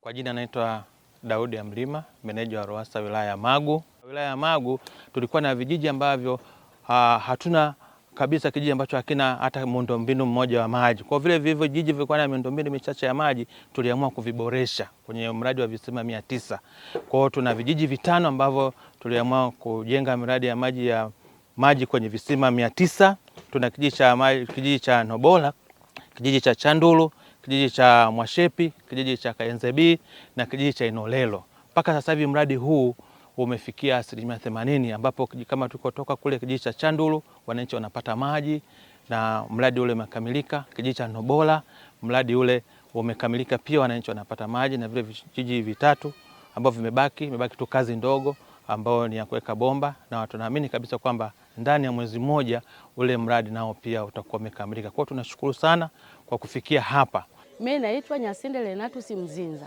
Kwa jina naitwa Daudi ya Mlima, meneja wa RUWASA wilaya ya Magu. Wilaya ya Magu tulikuwa na vijiji ambavyo ha, hatuna kabisa kijiji ambacho hakina hata miundombinu mmoja wa maji. Kwa vile vivyo vijiji vilikuwa na miundombinu michache ya maji, tuliamua kuviboresha kwenye mradi wa visima mia tisa. Kwa hiyo tuna vijiji vitano ambavyo tuliamua kujenga miradi ya maji ya maji kwenye visima mia tisa. Tuna kijiji cha, kijiji cha Nobola, kijiji cha Chandulu, kijiji cha Mwashepi, kijiji cha Kayenzebi na kijiji cha Inolelo. Mpaka sasa hivi mradi huu umefikia asilimia themanini ambapo kama tukotoka kule kijiji cha Chandulu wananchi wanapata maji na mradi ule umekamilika. Kijiji cha Nobola mradi ule umekamilika pia, wananchi wanapata maji na vile vijiji vitatu ambavyo vimebaki, imebaki tu kazi ndogo ambayo ni ya kuweka bomba, na tunaamini kabisa kwamba ndani ya mwezi mmoja ule mradi nao pia utakuwa umekamilika. Kwao tunashukuru sana kwa kufikia hapa. Mimi naitwa Nyasinde Lenatus Mzinza,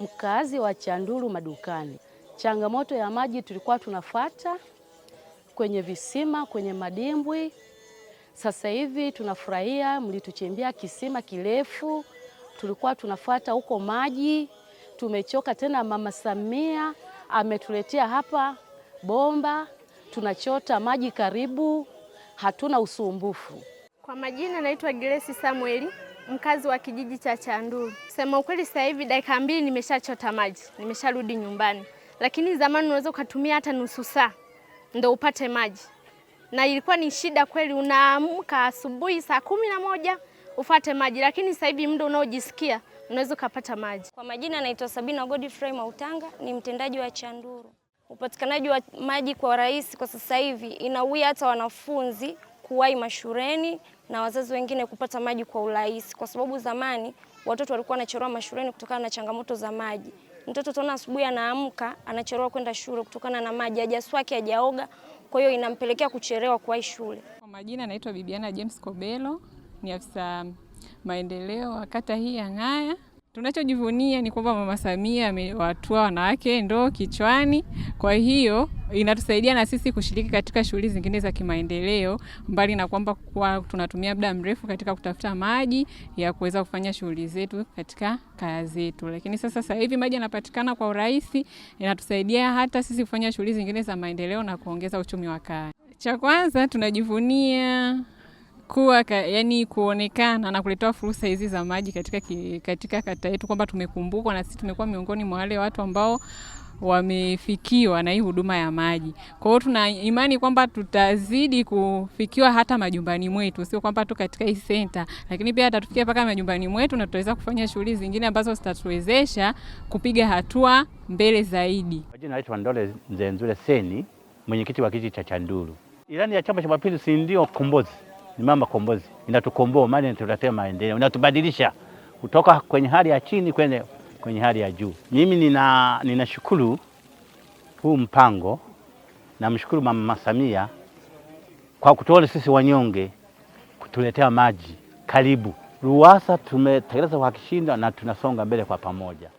mkazi wa Chanduru Madukani. Changamoto ya maji tulikuwa tunafata kwenye visima, kwenye madimbwi. Sasa hivi tunafurahia mlituchimbia kisima kirefu, tulikuwa tunafata huko maji. Tumechoka tena, Mama Samia ametuletea hapa bomba tunachota maji karibu, hatuna usumbufu. Kwa majina naitwa Grace Samueli, mkazi wa kijiji cha Chanduru. Sema ukweli, sasa hivi dakika mbili nimeshachota maji, nimesharudi nyumbani, lakini zamani unaweza ukatumia hata nusu saa ndo upate maji, na ilikuwa ni shida kweli. Unaamka asubuhi saa kumi na moja ufate maji, lakini sasa hivi muda unaojisikia unaweza ukapata maji. Kwa majina naitwa Sabina Godfrey Mautanga, ni mtendaji wa Chanduru upatikanaji wa maji kwa rahisi kwa sasa hivi inawia hata wanafunzi kuwahi mashuleni na wazazi wengine kupata maji kwa urahisi, kwa sababu zamani watoto walikuwa wanachelewa mashuleni kutokana na changamoto za maji. Mtoto tunaona asubuhi anaamka anachelewa kwenda shule kutokana na maji, hajaswaki, hajaoga, kwa hiyo inampelekea kuchelewa kuwahi shule. Kwa majina anaitwa Bibiana James Kobelo, ni afisa maendeleo wa kata hii ya Ng'aya. Tunachojivunia ni kwamba Mama Samia amewatua wanawake ndoo kichwani. Kwa hiyo inatusaidia na sisi kushiriki katika shughuli zingine za kimaendeleo, mbali na kwamba kwa tunatumia muda mrefu katika kutafuta maji ya kuweza kufanya shughuli zetu katika kaya zetu, lakini sasa sasa hivi maji yanapatikana kwa urahisi, inatusaidia hata sisi kufanya shughuli zingine za maendeleo na kuongeza uchumi wa kaya. Cha kwanza tunajivunia kuwa ka, yani kuonekana na kuleta fursa hizi za maji katika, katika kata yetu kwamba tumekumbukwa na sisi tumekuwa miongoni mwa wale watu ambao wamefikiwa na hii huduma ya maji. Kwa hiyo tuna imani kwamba tutazidi kufikiwa hata majumbani mwetu, sio kwamba tu katika hii senta, lakini pia tutafikia mpaka majumbani mwetu na tutaweza kufanya shughuli zingine ambazo zitatuwezesha kupiga hatua mbele zaidi. Jina naitwa Ndole Mzenzule Seni, mwenyekiti wa kijiji cha Chanduru. Ilani ya Chama cha Mapinduzi ndio kombozi ni mama Kombozi, inatukomboa maana inatuletea maendeleo, inatubadilisha kutoka kwenye hali ya chini kwenye, kwenye hali ya juu. Mimi nina ninashukuru huu mpango, namshukuru mama Samia kwa kutuona sisi wanyonge, kutuletea maji karibu. RUWASA tumetekeleza kwa kishindo na tunasonga mbele kwa pamoja.